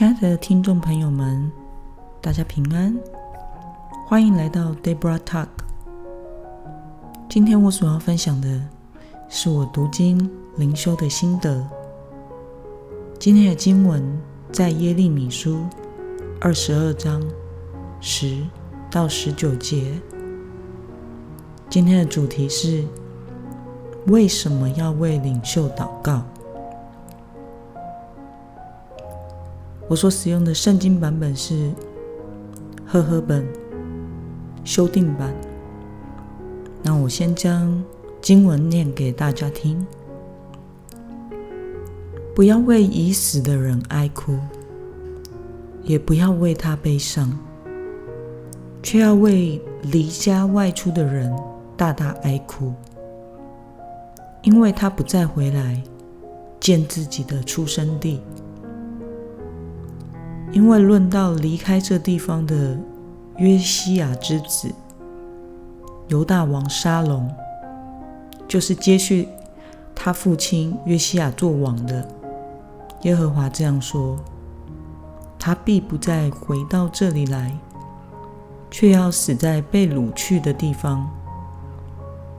親愛的聽眾朋友們，大家平安，歡迎來到 Deborah Talk。今天我所要分享的是我讀經靈修的心得。今天的經文在耶利米書二十二章十到十九節。今天的主題是為什麼要為領袖禱告？我所使用的聖經版本是和合本修訂版。那我先將經文念給大家聽。不要為已死的人哀哭，也不要為他悲傷，卻要為離家外出的人大大哀哭，因為他不再回來見自己的出生地。因為論到離開這地方的約西亞之子猶大王沙龍，就是接續他父親約西亞作王的，耶和華這樣說：他必不再回到這裏來，卻要死在被擄去的地方，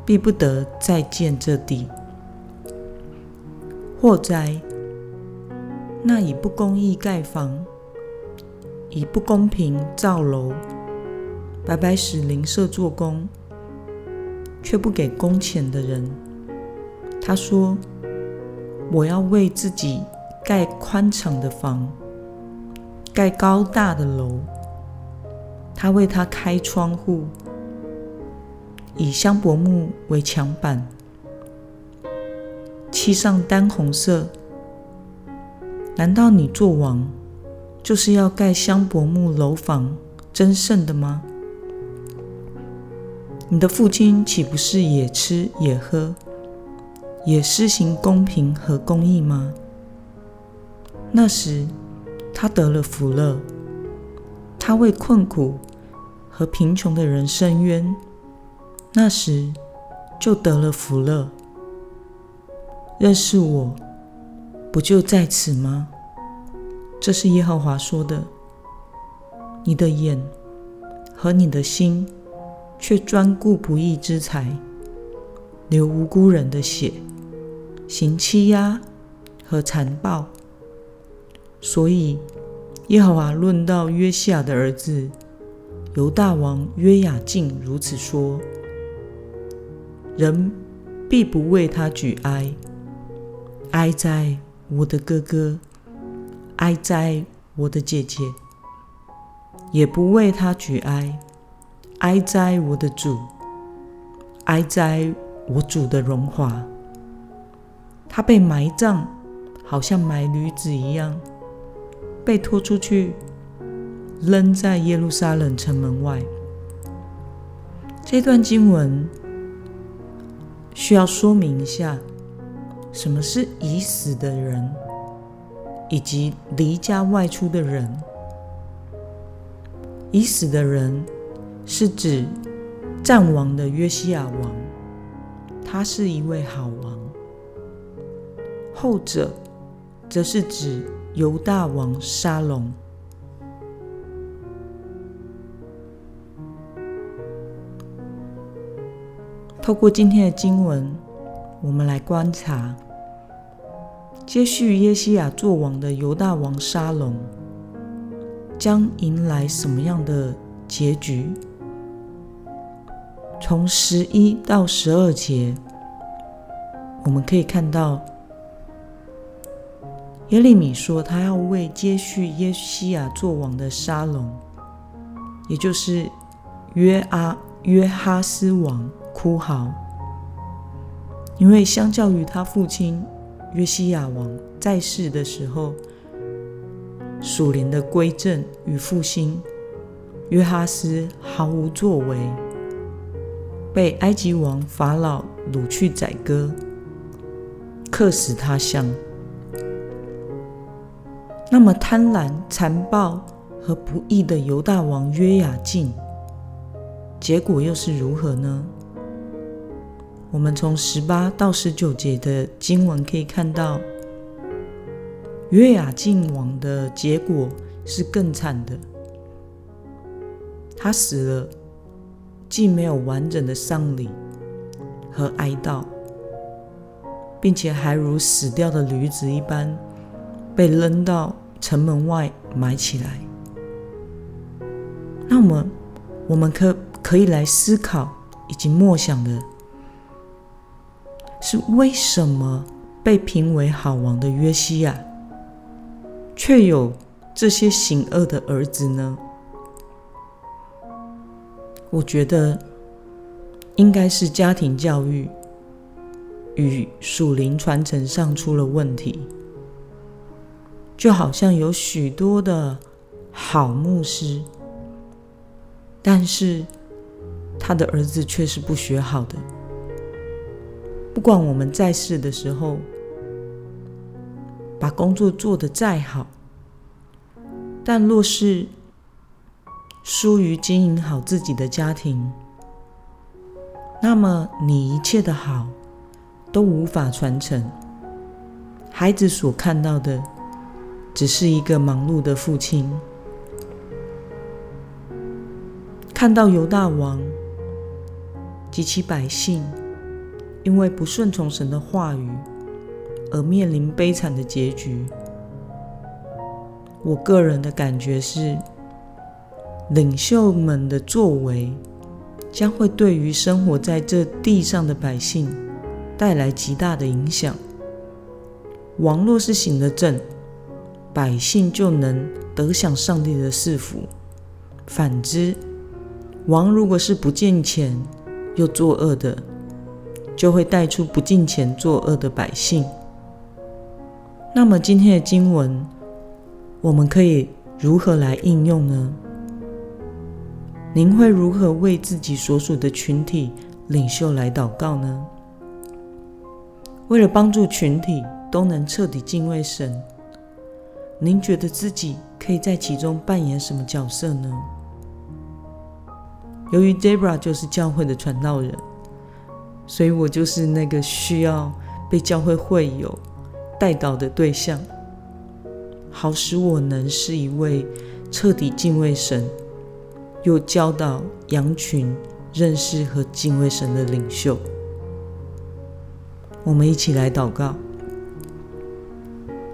必不得再見這地。禍哉！那以不公義蓋房。以不公平造樓，白白使鄰舍做工，卻不給工錢的人，他說：“我要為自己蓋寬敞的房，蓋高大的樓。他為他開窗戶，以香柏木為牆板，漆上丹紅色。難道你作王”就是要蓋香柏木樓房爭勝的嗎？你的父親豈不是也吃也喝，也施行公平和公義嗎？那時他得了福樂，他為困苦和貧窮的人伸冤，那時就得了福樂。認識我不就在此嗎？這是耶和華說的：“你的眼和你的心，卻專顧不義之財，流無辜人的血，行欺壓和殘暴。”所以，耶和華論到約西亞的兒子猶大王約雅敬，如此說：“人必不為他舉哀。哀哉，我的哥哥！”哀哉，我的姐姐！也不為他舉哀。哀哉，我的主！哀哉，我主的榮華。他被埋葬，好像埋驢子一樣，被拖出去，扔在耶路撒冷城門外。這段經文需要說明一下，什麼是已死的人？以及離家外出的人。已死的人是指戰亡的約西亞王，他是一位好王，後者則是指猶大王沙龍。透過今天的經文，我們來觀察。接續約西亞作王的猶大王沙龍，將迎來什麼樣的結局？從十一到十二節，我們可以看到，耶利米說他要為接續約西亞作王的沙龍，也就是約阿約哈斯王哭嚎，因為相較於他父親。約西亞王在世的時候，屬靈的歸正與復興，約哈斯毫無作為，被埃及王法老擄去宰割，客死他鄉。那麼貪婪、殘暴和不義的猶大王約雅敬，結果又是如何呢？我們從十八到十九節的經文可以看到，約雅敬王的結果是更慘的。他死了，既沒有完整的喪禮和哀悼，並且還如死掉的驢子一般，被扔到城門外埋起來。那麼我們可可以來思考以及默想的。是為什麼被評為好王的約西亞，卻有這些行惡的兒子呢？我覺得應該是家庭教育與屬靈傳承上出了問題，就好像有許多的好牧師，但是他的兒子卻是不學好的。不管我們在世的時候，把工作做得再好，但若是疏於經營好自己的家庭，那麼你一切的好都無法傳承。孩子所看到的，只是一個忙碌的父親，看到猶大王及其百姓，因為不順從神的話語而面臨悲慘的結局。我個人的感覺是，領袖們的作為將會對於生活在這地上的百姓帶來極大的影響。王若是行得正，百姓就能得享上帝的賜福；反之，王如果是不敬虔又作惡的，就會帶出不敬虔作惡的百姓。那麼今天的經文，我們可以如何來應用呢？您會如何為自己所屬的群體領袖來禱告呢？為了幫助群體都能徹底敬畏神，您覺得自己可以在其中扮演什麼角色呢？由於 Deborah 就是教會的傳道人。所以我就是那個需要被教會會友代禱的對象，好使我能是一位徹底敬畏神，又教導羊群認識和敬畏神的領袖。我們一起來禱告，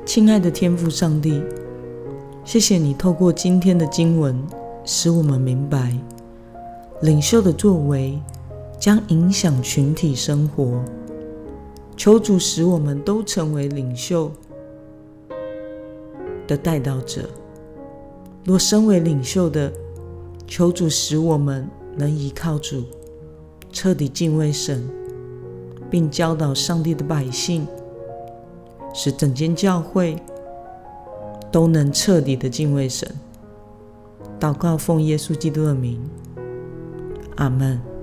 親愛的天父上帝，謝謝你透過今天的經文，使我們明白領袖的作為。將影響群體生活。求主使我們都成為領袖的代禱者。若身為領袖的，求主使我們能依靠主，徹底敬畏神，並教導上帝的百姓，使整間教會都能徹底的敬畏神。禱告，奉耶穌基督的名，阿門。